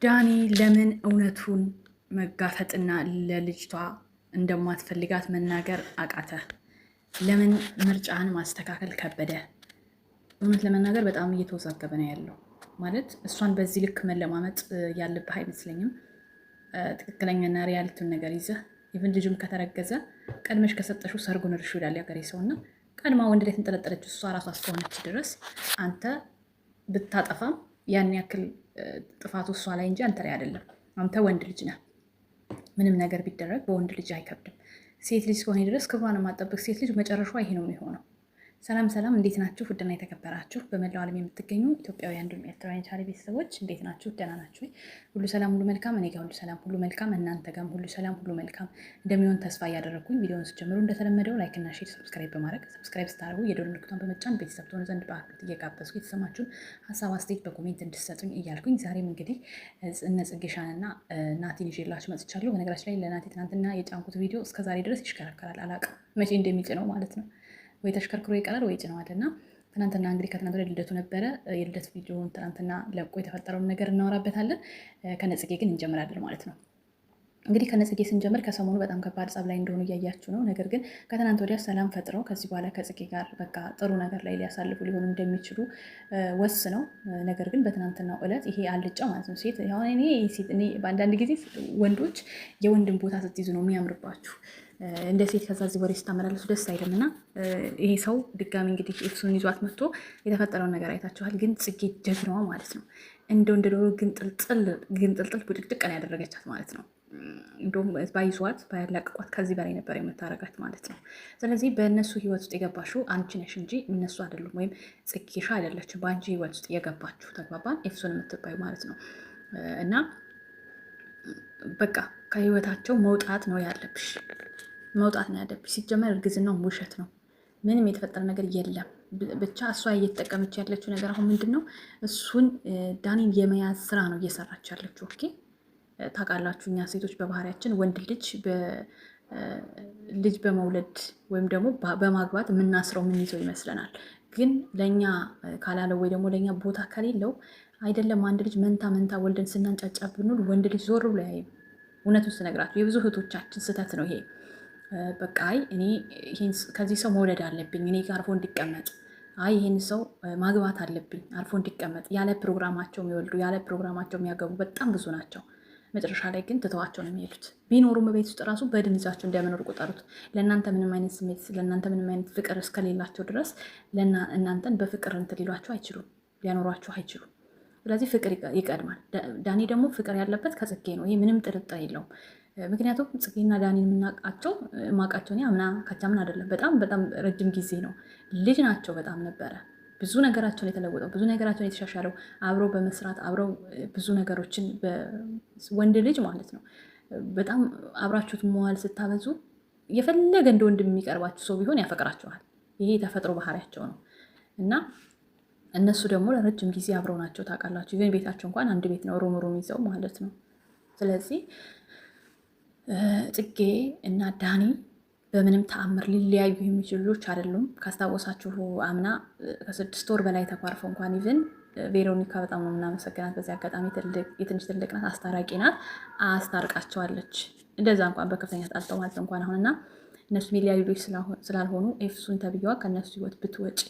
ዳኒ ለምን እውነቱን መጋፈጥና ለልጅቷ እንደማትፈልጋት መናገር አቃተ? ለምን ምርጫን ማስተካከል ከበደ? እውነት ለመናገር በጣም እየተወዛገበ ነው ያለው። ማለት እሷን በዚህ ልክ መለማመጥ ያለብህ አይመስለኝም። ትክክለኛና ሪያልቱን ነገር ይዘህ ኢቨን ልጁም ከተረገዘ ቀድመሽ ከሰጠሹ ሰርጉን እርሹ ይላል ያገሬ ሰው እና ቀድማ ወንድ ላይ ተንጠለጠለች እሷ ራሷ እስከሆነች ድረስ አንተ ብታጠፋም ያን ያክል ጥፋቱ እሷ ላይ እንጂ አንተ ላይ አይደለም። አንተ ወንድ ልጅ ነህ። ምንም ነገር ቢደረግ በወንድ ልጅ አይከብድም። ሴት ልጅ እስከሆነ ድረስ ክብሯን የማጠበቅ ሴት ልጅ መጨረሻ ይሄ ነው የሚሆነው። ሰላም ሰላም፣ እንዴት ናችሁ? ውድና የተከበራችሁ በመላው ዓለም የምትገኙ ኢትዮጵያውያን እንዲሁም ኤርትራውያን ቻናል ቤተሰቦች እንዴት ናችሁ? ደህና ናችሁ? ሁሉ ሰላም ሁሉ መልካም፣ እኔ ጋር ሁሉ ሰላም ሁሉ መልካም፣ እናንተ ጋርም ሁሉ ሰላም ሁሉ መልካም እንደሚሆን ተስፋ እያደረግኩኝ ቪዲዮውን ስጀምሩ እንደተለመደው ላይክ እና ሼር፣ ሰብስክራይብ በማድረግ ሰብስክራይብ ስታደርጉ የደወል ምልክቷን በመጫን ቤተሰብ ትሆኑ ዘንድ በአክብሮት እየጋበዝኩ የተሰማችሁን ሀሳብ አስተያየት በኮሜንት እንድትሰጡኝ እያልኩኝ ዛሬም እንግዲህ እነ ጽጌሻን ጽጌሻንና ናቲን ይዤላችሁ መጥቻለሁ። በነገራችን ላይ ለናቲ ትናንትና የጫንኩት ቪዲዮ እስከዛሬ ድረስ ይሽከረከራል፣ አላውቅም መቼ እንደሚጭ ነው ማለት ነው ወይ ተሽከርክሮ ይቀራል ወይ ጭነዋል። እና ትናንትና እንግዲህ ከትናንት ወዲያ ልደቱ ነበረ። የልደት ቪዲዮን ትናንትና ለቆ የተፈጠረውን ነገር እናወራበታለን። ከነጽጌ ግን እንጀምራለን ማለት ነው። እንግዲህ ከነጽጌ ስንጀምር ከሰሞኑ በጣም ከባድ ጸብ ላይ እንደሆኑ እያያችሁ ነው። ነገር ግን ከትናንት ወዲያ ሰላም ፈጥረው ከዚህ በኋላ ከጽጌ ጋር በቃ ጥሩ ነገር ላይ ሊያሳልፉ ሊሆኑ እንደሚችሉ ወስ ነው። ነገር ግን በትናንትናው ዕለት ይሄ አልጫው ማለት ነው ሴት ሁን በአንዳንድ ጊዜ ወንዶች የወንድን ቦታ ስትይዙ ነው የሚያምርባችሁ እንደ ሴት ከዛ እዚህ ወሬ ስታመላለሱ ደስ አይልም እና ይሄ ሰው ድጋሚ እንግዲህ ኤፍሱን ይዟት መጥቶ የተፈጠረውን ነገር አይታችኋል። ግን ጽጌ ጀግናዋ ማለት ነው። እንደው እንደ ዶሮ ግንጥልጥል ብድቅድቅ ነው ያደረገቻት ማለት ነው። እንዲሁም ባይዟት ባያላቅቋት ከዚህ በላይ ነበር የምታረጋት ማለት ነው። ስለዚህ በእነሱ ህይወት ውስጥ የገባሽው አንቺ ነሽ እንጂ እነሱ አይደሉም፣ ወይም ጽጌሻ አይደለችም። በአንቺ ህይወት ውስጥ የገባችሁ ተግባባን፣ ኤፍሱን የምትባዩ ማለት ነው እና በቃ ከህይወታቸው መውጣት ነው ያለብሽ። መውጣት ነው ያለብሽ። ሲጀመር እርግዝናው ውሸት ነው። ምንም የተፈጠረ ነገር የለም። ብቻ እሷ እየተጠቀመች ያለችው ነገር አሁን ምንድን ነው? እሱን ዳኒን የመያዝ ስራ ነው እየሰራች ያለችው። ኦኬ ታውቃላችሁ፣ እኛ ሴቶች በባህሪያችን ወንድ ልጅ ልጅ በመውለድ ወይም ደግሞ በማግባት የምናስረው የምንይዘው ይመስለናል። ግን ለእኛ ካላለው ወይ ደግሞ ለእኛ ቦታ ከሌለው አይደለም አንድ ልጅ መንታ መንታ ወልደን ስናንጫጫ ብንል ወንድ ልጅ ዞር ብሎ ያይም። እውነቱን ስነግራችሁ የብዙ እህቶቻችን ስህተት ነው ይሄ በቃ አይ እኔ ከዚህ ሰው መውለድ አለብኝ፣ እኔ ጋር አርፎ እንዲቀመጥ፣ አይ ይህን ሰው ማግባት አለብኝ አርፎ እንዲቀመጥ ያለ ፕሮግራማቸው የሚወልዱ ያለ ፕሮግራማቸው የሚያገቡ በጣም ብዙ ናቸው። መጨረሻ ላይ ግን ትተዋቸው ነው የሚሄዱት። ቢኖሩም ቤት ውስጥ ራሱ በድንዛቸው እንደመኖር ቁጠሩት። ለእናንተ ምንም አይነት ስሜት ለእናንተ ምንም አይነት ፍቅር እስከሌላቸው ድረስ እናንተን በፍቅር እንትን ሊሏቸው አይችሉም፣ ሊያኖሯቸው አይችሉም። ስለዚህ ፍቅር ይቀድማል። ዳኒ ደግሞ ፍቅር ያለበት ከጽጌ ነው። ይህ ምንም ጥርጥር የለውም። ምክንያቱም ጽጌና ዳኒን የምናውቃቸው የማውቃቸው እኔ አምና ካቻምን አይደለም፣ በጣም በጣም ረጅም ጊዜ ነው። ልጅ ናቸው በጣም ነበረ። ብዙ ነገራቸውን የተለወጠው ብዙ ነገራቸውን የተሻሻለው አብረው በመስራት አብረው ብዙ ነገሮችን ወንድ ልጅ ማለት ነው። በጣም አብራችሁት መዋል ስታበዙ የፈለገ እንደ ወንድ የሚቀርባችሁ ሰው ቢሆን ያፈቅራችኋል። ይሄ የተፈጥሮ ባህሪያቸው ነው እና እነሱ ደግሞ ለረጅም ጊዜ አብረው ናቸው። ታውቃላችሁ፣ ግን ቤታቸው እንኳን አንድ ቤት ነው፣ ሩም ሩም ይዘው ማለት ነው። ስለዚህ ጽጌ እና ዳኒ በምንም ተአምር ሊለያዩ የሚችሉ ልጆች አይደሉም። ካስታወሳችሁ አምና ከስድስት ወር በላይ ተኳርፈው እንኳን ይዝን ቬሮኒካ በጣም ነው የምናመሰግናት። በዚህ አጋጣሚ የትንሽ ትልቅ ናት፣ አስታራቂ ናት፣ አስታርቃቸዋለች። እንደዛ እንኳን በከፍተኛ ጣልጠው ማለት እንኳን አሁንና እነሱ ሚሊያዩ ልጆች ስላልሆኑ ኤፍሱን ተብዬዋ ከእነሱ ህይወት ብትወጪ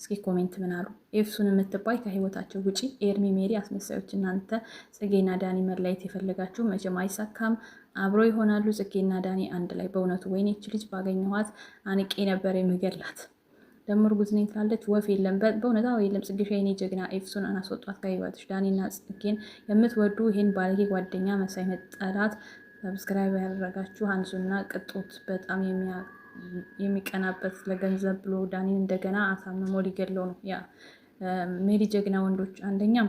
እስኪ ኮሜንት ምን አሉ? ኤፍሱን የምትባይ ከህይወታቸው ውጪ ኤርሚ ሜሪ አስመሳዮች እናንተ ጽጌና ዳኒ መለየት የፈለጋችሁ መቼም አይሳካም። አብሮ ይሆናሉ። ጽጌና ዳኒ አንድ ላይ በእውነቱ ወይኔ ይች ልጅ ባገኘኋት አንቄ ነበር የምገላት። ደግሞ እርጉዝ ነኝ ትላለች። ወፍ የለም በእውነታ የለም። ጽጌሻ የኔ ጀግና ኤፍሱን አናስወጧት ከህይወትሽ። ዳኒና ጽጌን የምትወዱ ይህን ባለጌ ጓደኛ መሳይ ጠላት ሰብስክራይብ ያደረጋችሁ አንሱና ቅጦት በጣም የሚቀናበት ለገንዘብ ብሎ ዳኒን እንደገና አሳምሞ ሊገለው ነው። ያ ሜሪ ጀግና ወንዶች አንደኛም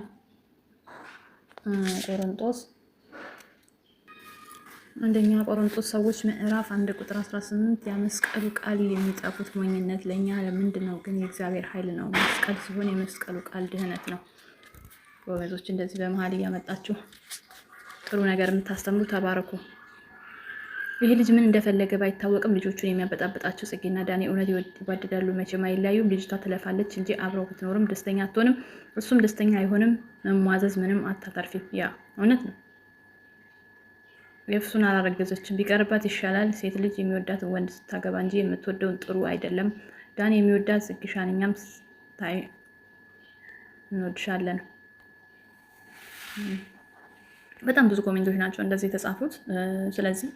ቆሮንጦስ አንደኛ ቆሮንጦስ ሰዎች ምዕራፍ አንድ ቁጥር 18 የመስቀሉ ቃል የሚጠፉት ሞኝነት ለእኛ ለምንድን ነው ግን የእግዚአብሔር ኃይል ነው። መስቀል ሲሆን የመስቀሉ ቃል ድህነት ነው። ጎበዞች፣ እንደዚህ በመሀል እያመጣችሁ ጥሩ ነገር የምታስተምሩ ተባረኩ። ይሄ ልጅ ምን እንደፈለገ ባይታወቅም ልጆቹን የሚያበጣበጣቸው ጽጌና ዳኔ እውነት ይዋደዳሉ፣ መቼም አይለያዩም። ልጅቷ ትለፋለች እንጂ አብረው ብትኖርም ደስተኛ አትሆንም፣ እሱም ደስተኛ አይሆንም። መሟዘዝ ምንም አታተርፊም። ያ እውነት ነው። የፍሱን አላረገዘችም። ቢቀርባት ይሻላል። ሴት ልጅ የሚወዳትን ወንድ ስታገባ እንጂ የምትወደውን ጥሩ አይደለም። ዳን የሚወዳት ጽግሻን፣ እኛም ታይ እንወድሻለን። በጣም ብዙ ኮሜንቶች ናቸው እንደዚህ የተጻፉት። ስለዚህ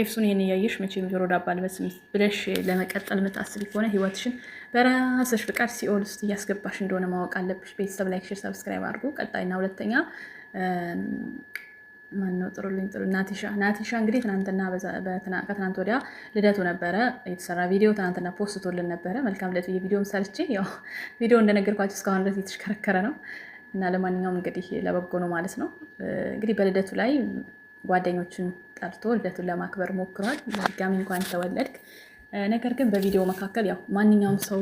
ኤፍሱን ይህን እያየሽ መቼም ጆሮ ዳባ አልበስም ብለሽ ለመቀጠል የምታስቢ ከሆነ ህይወትሽን በራስሽ ፍቃድ ሲኦል ውስጥ እያስገባሽ እንደሆነ ማወቅ አለብሽ። ቤተሰብ ላይክ፣ ሼር፣ ሰብስክራይብ አድርጉ። ቀጣይና ሁለተኛ ማነው ጥሩልኝ ጥሩ ናቲሻ ናቲሻ እንግዲህ ትናንትና ከትናንት ወዲያ ልደቱ ነበረ የተሰራ ቪዲዮ ትናንትና ፖስቶልን ነበረ። መልካም ልደቱ የቪዲዮም ሰርቼ ያው ቪዲዮ እንደነገርኳቸው እስካሁን ድረስ የተሽከረከረ ነው እና ለማንኛውም እንግዲህ ለበጎ ነው ማለት ነው። እንግዲህ በልደቱ ላይ ጓደኞችን ጠርቶ ልደቱን ለማክበር ሞክሯል። በድጋሚ እንኳን ተወለድክ። ነገር ግን በቪዲዮ መካከል ያው ማንኛውም ሰው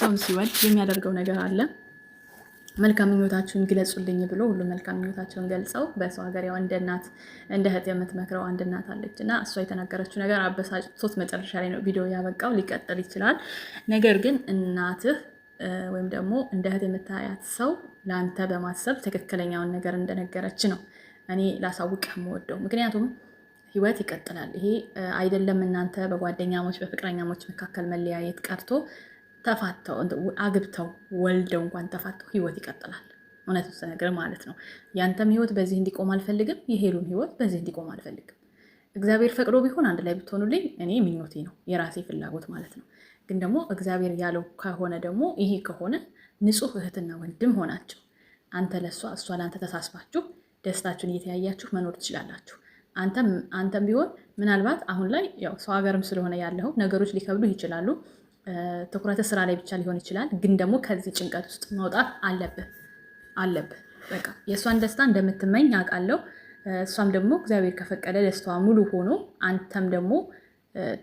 ሰውን ሲወድ የሚያደርገው ነገር አለ መልካም ምኞታችሁን ግለጹልኝ ብሎ ሁሉ መልካም ምኞታቸውን ገልጸው በሰው ሀገር ያው እንደ እናት እንደ እህት የምትመክረው አንድ እናት አለች እና እሷ የተናገረችው ነገር አበሳጭቶት መጨረሻ ላይ ነው ቪዲዮ ያበቃው። ሊቀጥል ይችላል። ነገር ግን እናትህ ወይም ደግሞ እንደ እህት የምታያት ሰው ለአንተ በማሰብ ትክክለኛውን ነገር እንደነገረች ነው እኔ ላሳውቅ የምወደው። ምክንያቱም ህይወት ይቀጥላል። ይሄ አይደለም እናንተ በጓደኛሞች በፍቅረኛሞች መካከል መለያየት ቀርቶ ተፋተው አግብተው ወልደው እንኳን ተፋተው ህይወት ይቀጥላል። እውነት ውስጥ ነገር ማለት ነው። ያንተም ህይወት በዚህ እንዲቆም አልፈልግም። የሄሉም ህይወት በዚህ እንዲቆም አልፈልግም። እግዚአብሔር ፈቅዶ ቢሆን አንድ ላይ ብትሆኑልኝ እኔ ምኞቴ ነው፣ የራሴ ፍላጎት ማለት ነው። ግን ደግሞ እግዚአብሔር ያለው ከሆነ ደግሞ ይሄ ከሆነ ንጹህ እህትና ወንድም ሆናችሁ አንተ ለእሷ እሷ ለአንተ ተሳስባችሁ ደስታችሁን እየተያያችሁ መኖር ትችላላችሁ። አንተም ቢሆን ምናልባት አሁን ላይ ያው ሰው ሀገርም ስለሆነ ያለው ነገሮች ሊከብዱ ይችላሉ። ትኩረት ስራ ላይ ብቻ ሊሆን ይችላል፣ ግን ደግሞ ከዚህ ጭንቀት ውስጥ መውጣት አለብህ አለብህ። በቃ የእሷን ደስታ እንደምትመኝ አውቃለሁ። እሷም ደግሞ እግዚአብሔር ከፈቀደ ደስታዋ ሙሉ ሆኖ አንተም ደግሞ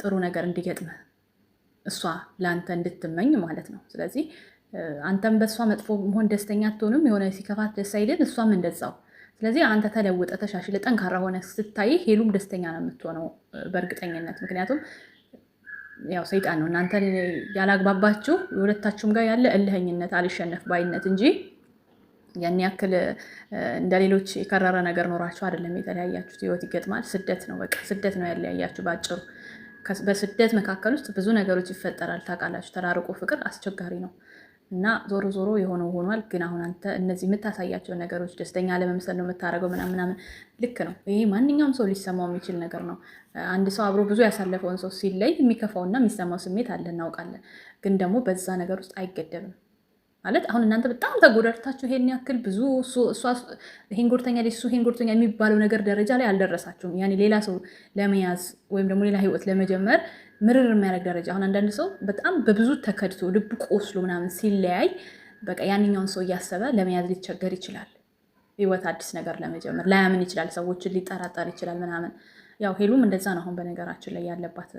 ጥሩ ነገር እንዲገጥምህ እሷ ለአንተ እንድትመኝ ማለት ነው። ስለዚህ አንተም በእሷ መጥፎ መሆን ደስተኛ አትሆንም። የሆነ ሲከፋት ደስ አይልም፣ እሷም እንደዛው። ስለዚህ አንተ ተለውጠ ተሻሽለ ጠንካራ ሆነ ስታይ ሄሉም ደስተኛ ነው የምትሆነው በእርግጠኝነት ምክንያቱም ያው ሰይጣን ነው እናንተን ያላግባባችሁ የሁለታችሁም ጋር ያለ እልህኝነት አልሸነፍ ባይነት እንጂ ያን ያክል እንደ ሌሎች የከረረ ነገር ኖራችሁ አይደለም የተለያያችሁት። ህይወት ይገጥማል። ስደት ነው በቃ ስደት ነው ያለያያችሁ በአጭሩ። በስደት መካከል ውስጥ ብዙ ነገሮች ይፈጠራል ታውቃላችሁ። ተራርቆ ፍቅር አስቸጋሪ ነው። እና ዞሮ ዞሮ የሆነው ሆኗል። ግን አሁን አንተ እነዚህ የምታሳያቸው ነገሮች ደስተኛ ለመምሰል ነው የምታደርገው ምናምን ምናምን። ልክ ነው። ይሄ ማንኛውም ሰው ሊሰማው የሚችል ነገር ነው። አንድ ሰው አብሮ ብዙ ያሳለፈውን ሰው ሲለይ የሚከፋውና የሚሰማው ስሜት አለ፣ እናውቃለን። ግን ደግሞ በዛ ነገር ውስጥ አይገደብም። ማለት አሁን እናንተ በጣም ተጎዳድታችሁ ይሄን ያክል ብዙ ይሄን ጎድተኛ እሱ ይሄን ጎድተኛ የሚባለው ነገር ደረጃ ላይ አልደረሳችሁም። ያኔ ሌላ ሰው ለመያዝ ወይም ደግሞ ሌላ ህይወት ለመጀመር ምርር የሚያደርግ ደረጃ። አሁን አንዳንድ ሰው በጣም በብዙ ተከድቶ ልብ ቆስሎ ምናምን ሲለያይ በቃ ያንኛውን ሰው እያሰበ ለመያዝ ሊቸገር ይችላል። ህይወት አዲስ ነገር ለመጀመር ላያምን ይችላል። ሰዎችን ሊጠራጠር ይችላል ምናምን ያው ሄሉም እንደዛ ነው አሁን በነገራችን ላይ ያለባት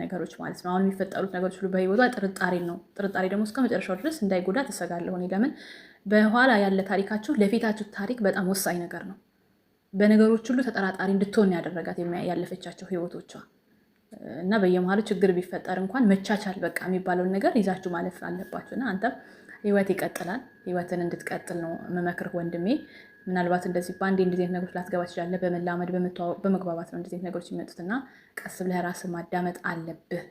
ነገሮች ማለት ነው። አሁን የሚፈጠሩት ነገሮች ሁሉ በህይወቷ ጥርጣሬ ነው። ጥርጣሬ ደግሞ እስከ መጨረሻው ድረስ እንዳይጎዳ ትሰጋለሁ እኔ። ለምን በኋላ ያለ ታሪካችሁ ለፊታችሁ ታሪክ በጣም ወሳኝ ነገር ነው። በነገሮች ሁሉ ተጠራጣሪ እንድትሆን ያደረጋት ያለፈቻቸው ህይወቶቿ እና በየመሀሉ ችግር ቢፈጠር እንኳን መቻቻል በቃ የሚባለውን ነገር ይዛችሁ ማለፍ አለባችሁ። እና አንተም ህይወት ይቀጥላል። ህይወትን እንድትቀጥል ነው መመክርህ ወንድሜ። ምናልባት እንደዚህ በአንድ እንደዚህ አይነት ነገሮች ላትገባ ትችላለህ። በመላመድ በመግባባት ነው እንደዚህ አይነት ነገሮች የሚመጡት እና ቀስ ብለህ ራስ ማዳመጥ አለብህ።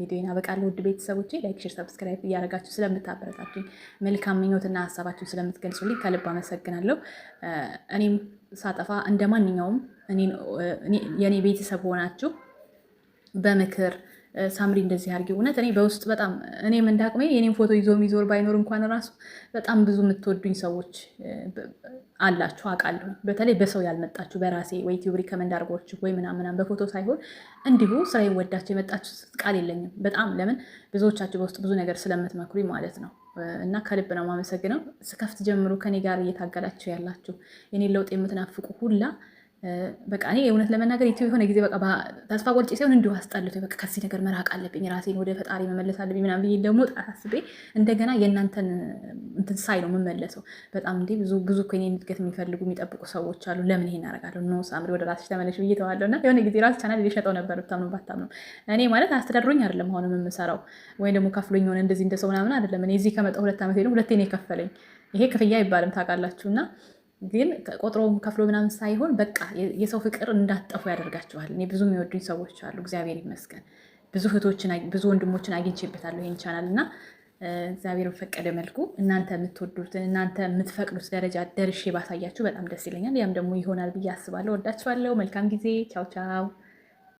ቪዲዮን አበቃለሁ። ውድ ቤተሰቦች ላይክ፣ ሼር፣ ሰብስክራይብ እያደረጋችሁ ስለምታበረታቱኝ መልካም ምኞትና ሀሳባችሁን ስለምትገልጹልኝ ከልብ አመሰግናለሁ። እኔም ሳጠፋ እንደ ማንኛውም የእኔ ቤተሰብ ሆናችሁ በምክር ሳምሪ እንደዚህ አድርጊ። እውነት እኔ በውስጥ በጣም እኔም እንዳቅሜ የኔም ፎቶ ይዞ የሚዞር ባይኖር እንኳን ራሱ በጣም ብዙ የምትወዱኝ ሰዎች አላችሁ አውቃለሁ። በተለይ በሰው ያልመጣችሁ በራሴ ወይ ቲዩብ ሪከመንድ አድርጓችሁ ወይ ምናምናም በፎቶ ሳይሆን እንዲሁ ስራ ወዳችሁ የመጣችሁ ቃል የለኝም። በጣም ለምን ብዙዎቻችሁ በውስጥ ብዙ ነገር ስለምትመክሩኝ ማለት ነው። እና ከልብ ነው ማመሰግነው። ስከፍት ጀምሮ ከኔ ጋር እየታገላችሁ ያላችሁ የኔ ለውጥ የምትናፍቁ ሁላ በቃ እኔ እውነት ለመናገር ኢትዮ የሆነ ጊዜ በቃ ተስፋ ቆርጬ ሳይሆን እንዲሁ አስጠልቶ በቃ ከዚህ ነገር መራቅ አለብኝ፣ ራሴን ወደ ፈጣሪ መመለስ አለብኝ ምናምን ብዬ ደግሞ ጣት አስቤ እንደገና የእናንተን እንትን ሳይ ነው የምመለሰው። በጣም እንዲህ ብዙ ብዙ እኮ የእኔን እድገት የሚፈልጉ የሚጠብቁ ሰዎች አሉ። ለምን ይሄን አደርጋለሁ? ኖ ሳምሪ ወደ ራስሽ ተመለሽ ብዬ ተዋለሁ። እና የሆነ ጊዜ ራስ ቻናል ሊሸጠው ነበር ብታምኑ ባታምኑ። እኔ ማለት አስተዳድሮኝ አይደለም አሁን የምሰራው ወይም ደግሞ ከፍሎኝ ሆነ እንደዚህ እንደሰው ምናምን አይደለም። እኔ እዚህ ከመጣሁ ሁለት ዓመት ሁለቴ ነው የከፈለኝ። ይሄ ክፍያ አይባልም ታውቃላችሁ እና ግን ቆጥሮ ከፍሎ ምናምን ሳይሆን በቃ የሰው ፍቅር እንዳትጠፉ ያደርጋችኋል። እኔ ብዙ የሚወዱኝ ሰዎች አሉ፣ እግዚአብሔር ይመስገን። ብዙ እህቶችን ብዙ ወንድሞችን አግኝቼበታለሁ ይህን ቻናል እና እግዚአብሔር በፈቀደ መልኩ እናንተ የምትወዱትን እናንተ የምትፈቅዱት ደረጃ ደርሼ ባሳያችሁ በጣም ደስ ይለኛል። ያም ደግሞ ይሆናል ብዬ አስባለሁ። ወዳችኋለሁ። መልካም ጊዜ። ቻው ቻው